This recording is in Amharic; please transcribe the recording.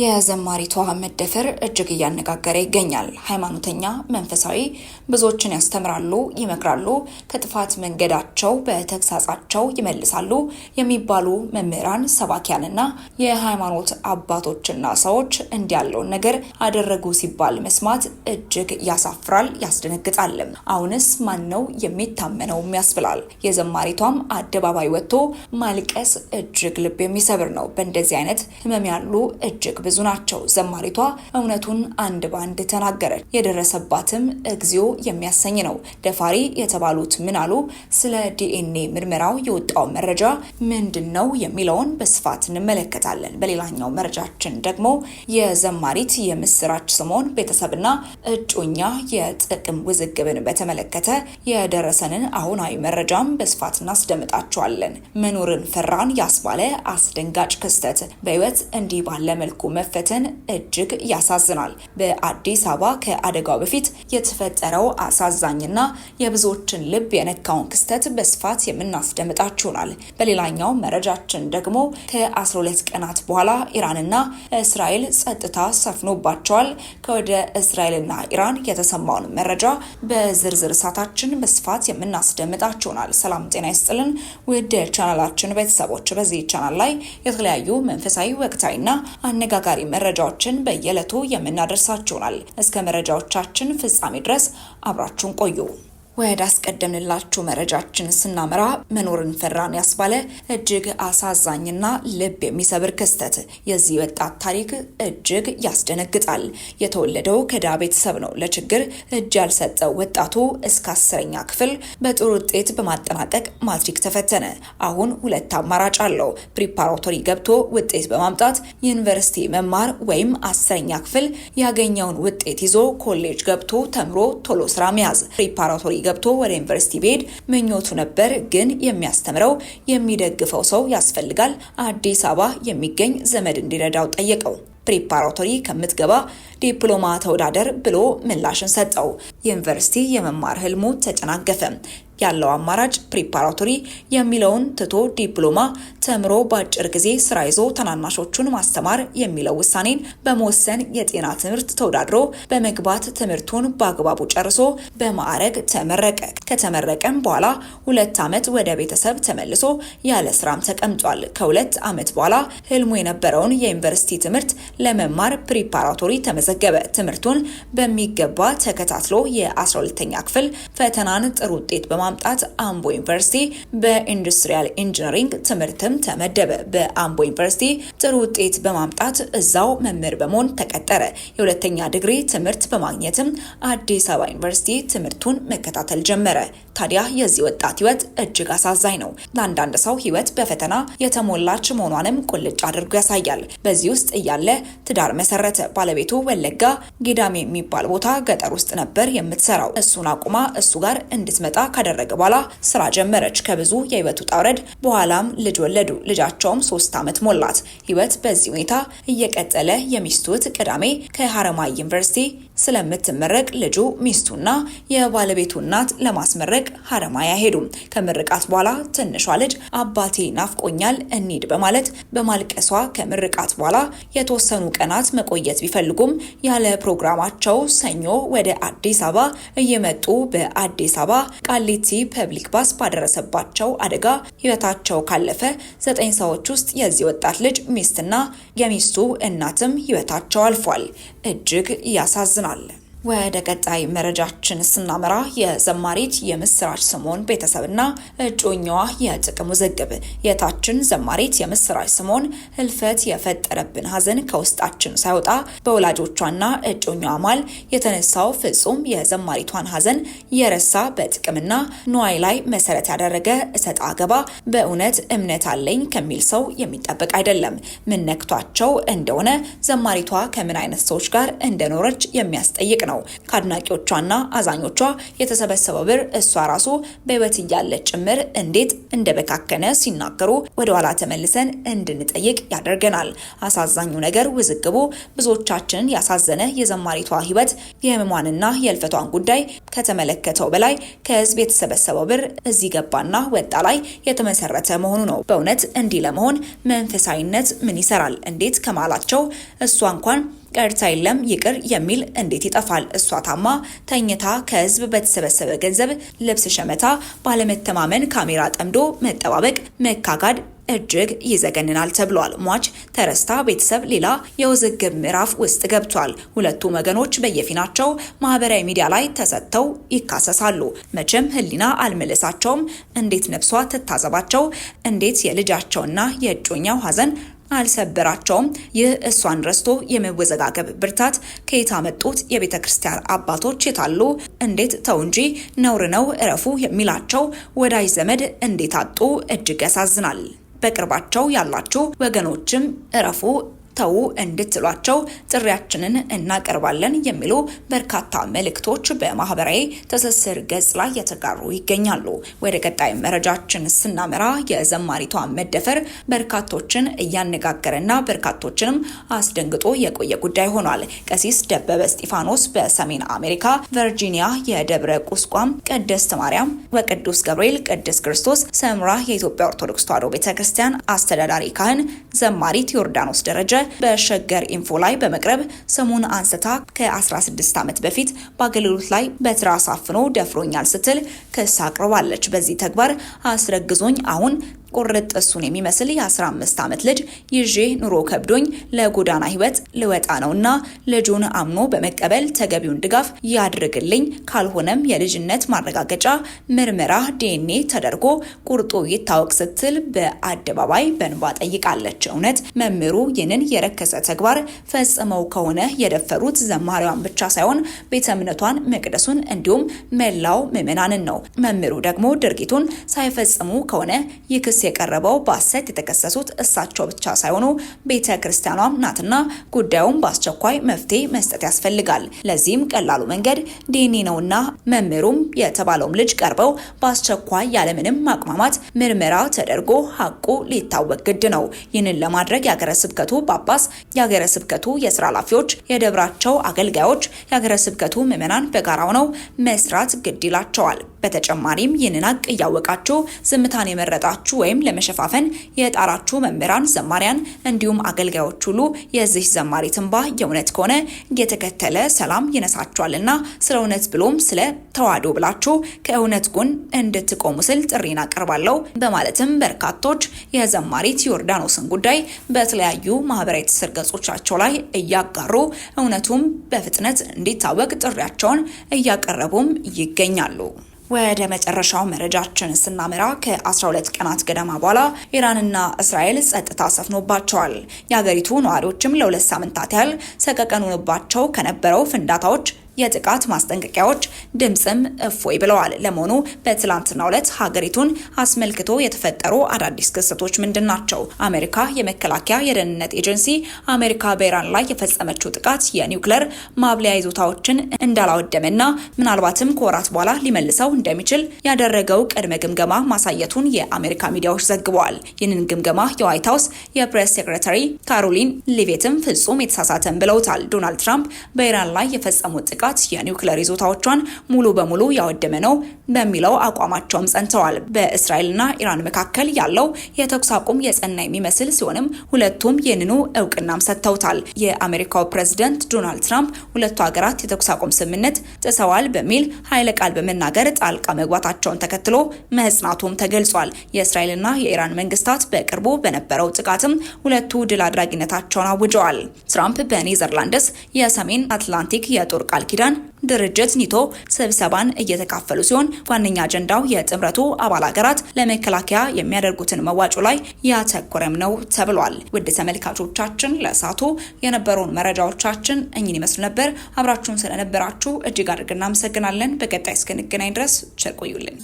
የዘማሪቷ መደፈር እጅግ እያነጋገረ ይገኛል። ሃይማኖተኛ፣ መንፈሳዊ ብዙዎችን ያስተምራሉ፣ ይመክራሉ፣ ከጥፋት መንገዳቸው በተግሳጻቸው ይመልሳሉ የሚባሉ መምህራን፣ ሰባኪያንና የሃይማኖት አባቶችና ሰዎች እንዲያለውን ነገር አደረጉ ሲባል መስማት እጅግ ያሳፍራል፣ ያስደነግጣል። አሁንስ ማን ነው የሚታመነውም ያስብላል። የዘማሪቷም አደባባይ ወጥቶ ማልቀስ እጅግ ልብ የሚሰብር ነው። በእንደዚህ አይነት ህመም ያሉ እጅግ ብዙ ናቸው። ዘማሪቷ እውነቱን አንድ በአንድ ተናገረች። የደረሰባትም እግዚኦ የሚያሰኝ ነው። ደፋሪ የተባሉት ምን አሉ? ስለ ዲኤንኤ ምርመራው የወጣው መረጃ ምንድን ነው የሚለውን በስፋት እንመለከታለን። በሌላኛው መረጃችን ደግሞ የዘማሪት የምስራች ስምኦን ቤተሰብና እጩኛ የጥቅም ውዝግብን በተመለከተ የደረሰንን አሁናዊ መረጃም በስፋት እናስደምጣቸዋለን። መኖርን ፈራን ያስባለ አስደንጋጭ ክስተት በህይወት እንዲህ ባለ መልኩ መፈተን እጅግ ያሳዝናል። በአዲስ አበባ ከአደጋው በፊት የተፈጠረው አሳዛኝና የብዙዎችን ልብ የነካውን ክስተት በስፋት የምናስደምጣችሁናል። በሌላኛው መረጃችን ደግሞ ከ12 ቀናት በኋላ ኢራንና እስራኤል ጸጥታ ሰፍኖባቸዋል። ከወደ እስራኤልና ኢራን የተሰማውን መረጃ በዝርዝር እሳታችን በስፋት የምናስደምጣችሁናል። ሰላም ጤና ይስጥልን ውድ ቻናላችን ቤተሰቦች በዚህ ቻናል ላይ የተለያዩ መንፈሳዊ ወቅታዊና አነጋ አነጋጋሪ መረጃዎችን በየዕለቱ የምናደርሳችሁናል። እስከ መረጃዎቻችን ፍጻሜ ድረስ አብራችሁን ቆዩ። ወደ አስቀደምንላችሁ መረጃችን ስናመራ መኖርን ፈራን ያስባለ እጅግ አሳዛኝና ልብ የሚሰብር ክስተት። የዚህ ወጣት ታሪክ እጅግ ያስደነግጣል። የተወለደው ከድሃ ቤተሰብ ነው። ለችግር እጅ ያልሰጠው ወጣቱ እስከ አስረኛ ክፍል በጥሩ ውጤት በማጠናቀቅ ማትሪክ ተፈተነ። አሁን ሁለት አማራጭ አለው። ፕሪፓራቶሪ ገብቶ ውጤት በማምጣት ዩኒቨርሲቲ መማር ወይም አስረኛ ክፍል ያገኘውን ውጤት ይዞ ኮሌጅ ገብቶ ተምሮ ቶሎ ስራ መያዝ። ፕሪፓራቶሪ ገብቶ ወደ ዩኒቨርሲቲ ቢሄድ ምኞቱ ነበር። ግን የሚያስተምረው የሚደግፈው ሰው ያስፈልጋል። አዲስ አበባ የሚገኝ ዘመድ እንዲረዳው ጠየቀው። ፕሪፓራቶሪ ከምትገባ ዲፕሎማ ተወዳደር ብሎ ምላሽን ሰጠው። ዩኒቨርሲቲ የመማር ህልሙ ተጨናገፈ። ያለው አማራጭ ፕሪፓራቶሪ የሚለውን ትቶ ዲፕሎማ ተምሮ በአጭር ጊዜ ስራ ይዞ ተናናሾቹን ማስተማር የሚለው ውሳኔን በመወሰን የጤና ትምህርት ተወዳድሮ በመግባት ትምህርቱን በአግባቡ ጨርሶ በማዕረግ ተመረቀ። ከተመረቀም በኋላ ሁለት ዓመት ወደ ቤተሰብ ተመልሶ ያለ ስራም ተቀምጧል። ከሁለት ዓመት በኋላ ህልሙ የነበረውን የዩኒቨርሲቲ ትምህርት ለመማር ፕሪፓራቶሪ ተመዘገበ። ትምህርቱን በሚገባ ተከታትሎ የ12ተኛ ክፍል ፈተናን ጥሩ ውጤት በማምጣት አምቦ ዩኒቨርሲቲ በኢንዱስትሪያል ኢንጂነሪንግ ትምህርትም በመምህርነትም ተመደበ። በአምቦ ዩኒቨርሲቲ ጥሩ ውጤት በማምጣት እዛው መምህር በመሆን ተቀጠረ። የሁለተኛ ዲግሪ ትምህርት በማግኘትም አዲስ አበባ ዩኒቨርሲቲ ትምህርቱን መከታተል ጀመረ። ታዲያ የዚህ ወጣት ህይወት እጅግ አሳዛኝ ነው። ለአንዳንድ ሰው ህይወት በፈተና የተሞላች መሆኗንም ቁልጭ አድርጎ ያሳያል። በዚህ ውስጥ እያለ ትዳር መሰረተ። ባለቤቱ ወለጋ ጌዳሜ የሚባል ቦታ ገጠር ውስጥ ነበር የምትሰራው። እሱን አቁማ እሱ ጋር እንድትመጣ ካደረገ በኋላ ስራ ጀመረች። ከብዙ የህይወቱ ጣውረድ በኋላም ልጅ ወለደ። ወለዱ። ልጃቸውም ሶስት ዓመት ሞላት። ህይወት በዚህ ሁኔታ እየቀጠለ የሚስቱት ቅዳሜ ከሀረማያ ዩኒቨርሲቲ ስለምትመረቅ ልጁ ሚስቱና የባለቤቱ እናት ለማስመረቅ ሀረማያ ሄዱ። ከምርቃት በኋላ ትንሿ ልጅ አባቴ ናፍቆኛል እንሂድ በማለት በማልቀሷ ከምርቃት በኋላ የተወሰኑ ቀናት መቆየት ቢፈልጉም ያለ ፕሮግራማቸው ሰኞ ወደ አዲስ አበባ እየመጡ በአዲስ አበባ ቃሊቲ ፐብሊክ ባስ ባደረሰባቸው አደጋ ህይወታቸው ካለፈ ዘጠኝ ሰዎች ውስጥ የዚህ ወጣት ልጅ ሚስትና የሚስቱ እናትም ህይወታቸው አልፏል። እጅግ ያሳዝናል። valle. ወደ ቀጣይ መረጃችን ስናመራ የዘማሪት የምስራች ስምኦን ቤተሰብና እጮኛዋ የጥቅሙ ውዝግብ። የታችን ዘማሪት የምስራች ስምኦን ህልፈት የፈጠረብን ሀዘን ከውስጣችን ሳይወጣ በወላጆቿና እጮኛዋ ማል የተነሳው ፍጹም የዘማሪቷን ሀዘን የረሳ በጥቅምና ንዋይ ላይ መሰረት ያደረገ እሰጥ አገባ በእውነት እምነት አለኝ ከሚል ሰው የሚጠበቅ አይደለም። ምን ነክቷቸው እንደሆነ ዘማሪቷ ከምን አይነት ሰዎች ጋር እንደኖረች የሚያስጠይቅ ነው። ነው። ከአድናቂዎቿና አዛኞቿ የተሰበሰበው ብር እሷ ራሱ በህይወት እያለች ጭምር እንዴት እንደበካከነ ሲናገሩ ወደ ኋላ ተመልሰን እንድንጠይቅ ያደርገናል። አሳዛኙ ነገር ውዝግቡ ብዙዎቻችንን ያሳዘነ የዘማሪቷ ህይወት የህመሟንና የእልፈቷን ጉዳይ ከተመለከተው በላይ ከህዝብ የተሰበሰበው ብር እዚህ ገባና ወጣ ላይ የተመሰረተ መሆኑ ነው። በእውነት እንዲህ ለመሆን መንፈሳዊነት ምን ይሰራል? እንዴት ከማላቸው እሷ እንኳን ቀርታ የለም ይቅር የሚል እንዴት ይጠፋል? እሷ ታማ ተኝታ ከህዝብ በተሰበሰበ ገንዘብ ልብስ ሸመታ፣ ባለመተማመን ካሜራ ጠምዶ መጠባበቅ፣ መካጋድ እጅግ ይዘገንናል ተብሏል። ሟች ተረስታ ቤተሰብ ሌላ የውዝግብ ምዕራፍ ውስጥ ገብቷል። ሁለቱም ወገኖች በየፊናቸው ማህበራዊ ሚዲያ ላይ ተሰጥተው ይካሰሳሉ። መቼም ህሊና አልመለሳቸውም። እንዴት ነፍሷ ትታዘባቸው? እንዴት የልጃቸውና የእጮኛው ሀዘን አልሰበራቸውም። ይህ እሷን ረስቶ የመወዘጋገብ ብርታት ከየት አመጡት? የቤተ ክርስቲያን አባቶች የታሉ? እንዴት ተው እንጂ ነውር ነው እረፉ የሚላቸው ወዳጅ ዘመድ እንዴት አጡ? እጅግ ያሳዝናል። በቅርባቸው ያላችሁ ወገኖችም እረፉ ተዉ እንድትሏቸው ጥሪያችንን እናቀርባለን የሚሉ በርካታ መልእክቶች በማህበራዊ ትስስር ገጽ ላይ የተጋሩ ይገኛሉ። ወደ ቀጣይ መረጃችን ስናመራ የዘማሪቷ መደፈር በርካቶችን እያነጋገረና በርካቶችንም አስደንግጦ የቆየ ጉዳይ ሆኗል። ቀሲስ ደበበ እስጢፋኖስ በሰሜን አሜሪካ ቨርጂኒያ የደብረ ቁስቋም ቅድስት ማርያም ወቅዱስ ገብርኤል ቅድስት ክርስቶስ ሰምራ የኢትዮጵያ ኦርቶዶክስ ተዋሕዶ ቤተክርስቲያን አስተዳዳሪ ካህን ዘማሪት ዮርዳኖስ ደረጀ በሸገር ኢንፎ ላይ በመቅረብ ስሙን አንስታ ከ16 ዓመት በፊት በአገልግሎት ላይ በትራስ አፍኖ ደፍሮኛል ስትል ክስ አቅርባለች። በዚህ ተግባር አስረግዞኝ አሁን ቁርጥ እሱን የሚመስል የ15 ዓመት ልጅ ይዤ ኑሮ ከብዶኝ ለጎዳና ህይወት ልወጣ ነውና ልጁን አምኖ በመቀበል ተገቢውን ድጋፍ ያድርግልኝ፣ ካልሆነም የልጅነት ማረጋገጫ ምርመራ ዲኤንኤ ተደርጎ ቁርጡ ይታወቅ ስትል በአደባባይ በንባ ጠይቃለች። እውነት መምህሩ ይህንን የረከሰ ተግባር ፈጽመው ከሆነ የደፈሩት ዘማሪዋን ብቻ ሳይሆን ቤተ እምነቷን፣ መቅደሱን እንዲሁም መላው ምዕመናንን ነው። መምህሩ ደግሞ ድርጊቱን ሳይፈጽሙ ከሆነ ይህ ክስ የቀረበው በሐሰት የተከሰሱት እሳቸው ብቻ ሳይሆኑ ቤተ ክርስቲያኗም ናትና ጉዳዩን በአስቸኳይ መፍትሄ መስጠት ያስፈልጋል። ለዚህም ቀላሉ መንገድ ዲኒ ነውና መምህሩም የተባለውም ልጅ ቀርበው በአስቸኳይ ያለምንም ማቅማማት ምርመራ ተደርጎ ሀቁ ሊታወቅ ግድ ነው። ይህንን ለማድረግ የሀገረ ስብከቱ ጳጳስ፣ የሀገረ ስብከቱ የስራ ኃላፊዎች፣ የደብራቸው አገልጋዮች፣ የሀገረ ስብከቱ ምዕመናን በጋራ ሆነው መስራት ግድ ይላቸዋል። በተጨማሪም ይህንን ሀቅ እያወቃችሁ ዝምታን የመረጣችሁ ወይም ወይም ለመሸፋፈን የጣራችሁ መምህራን፣ ዘማሪያን እንዲሁም አገልጋዮች ሁሉ የዚህ ዘማሪ ትንባ የእውነት ከሆነ የተከተለ ሰላም ይነሳችኋልና ስለ እውነት ብሎም ስለ ተዋህዶ ብላችሁ ከእውነት ጎን እንድትቆሙ ስል ጥሪን አቀርባለሁ በማለትም በርካቶች የዘማሪት ዮርዳኖስን ጉዳይ በተለያዩ ማህበራዊ ትስስር ገጾቻቸው ላይ እያጋሩ እውነቱም በፍጥነት እንዲታወቅ ጥሪያቸውን እያቀረቡም ይገኛሉ። ወደ መጨረሻው መረጃችን ስናመራ ከ12 ቀናት ገደማ በኋላ ኢራንና እስራኤል ጸጥታ ሰፍኖባቸዋል። የሀገሪቱ ነዋሪዎችም ለሁለት ሳምንታት ያህል ሰቀቀኑንባቸው ከነበረው ፍንዳታዎች የጥቃት ማስጠንቀቂያዎች ድምፅም እፎይ ብለዋል። ለመሆኑ በትላንትናው ዕለት ሀገሪቱን አስመልክቶ የተፈጠሩ አዳዲስ ክስተቶች ምንድን ናቸው? አሜሪካ የመከላከያ የደህንነት ኤጀንሲ አሜሪካ በኢራን ላይ የፈጸመችው ጥቃት የኒውክለር ማብለያ ይዞታዎችን እንዳላወደመና ምናልባትም ከወራት በኋላ ሊመልሰው እንደሚችል ያደረገው ቅድመ ግምገማ ማሳየቱን የአሜሪካ ሚዲያዎች ዘግበዋል። ይህንን ግምገማ የዋይት ሀውስ የፕሬስ ሴክሬታሪ ካሮሊን ሊቬትም ፍጹም የተሳሳተን ብለውታል። ዶናልድ ትራምፕ በኢራን ላይ የፈጸሙት ጥቃት ጥቃት የኒውክሌር ይዞታዎቿን ሙሉ በሙሉ ያወደመ ነው በሚለው አቋማቸውም ጸንተዋል። በእስራኤልና ኢራን መካከል ያለው የተኩስ አቁም የጸና የሚመስል ሲሆንም ሁለቱም ይህንኑ እውቅናም ሰጥተውታል። የአሜሪካው ፕሬዚደንት ዶናልድ ትራምፕ ሁለቱ ሀገራት የተኩስ አቁም ስምምነት ጥሰዋል በሚል ኃይለ ቃል በመናገር ጣልቃ መግባታቸውን ተከትሎ መጽናቱም ተገልጿል። የእስራኤልና የኢራን መንግስታት በቅርቡ በነበረው ጥቃትም ሁለቱ ድል አድራጊነታቸውን አውጀዋል። ትራምፕ በኔዘርላንድስ የሰሜን አትላንቲክ የጦር ቃል ኪዳን ድርጅት ኒቶ ስብሰባን እየተካፈሉ ሲሆን ዋነኛ አጀንዳው የጥምረቱ አባል ሀገራት ለመከላከያ የሚያደርጉትን መዋጮ ላይ ያተኮረም ነው ተብሏል። ውድ ተመልካቾቻችን ለእሳቱ የነበረውን መረጃዎቻችን እኝን ይመስሉ ነበር። አብራችሁን ስለነበራችሁ እጅግ አድርግ እናመሰግናለን። በቀጣይ እስክንገናኝ ድረስ ቸር ቆዩልን።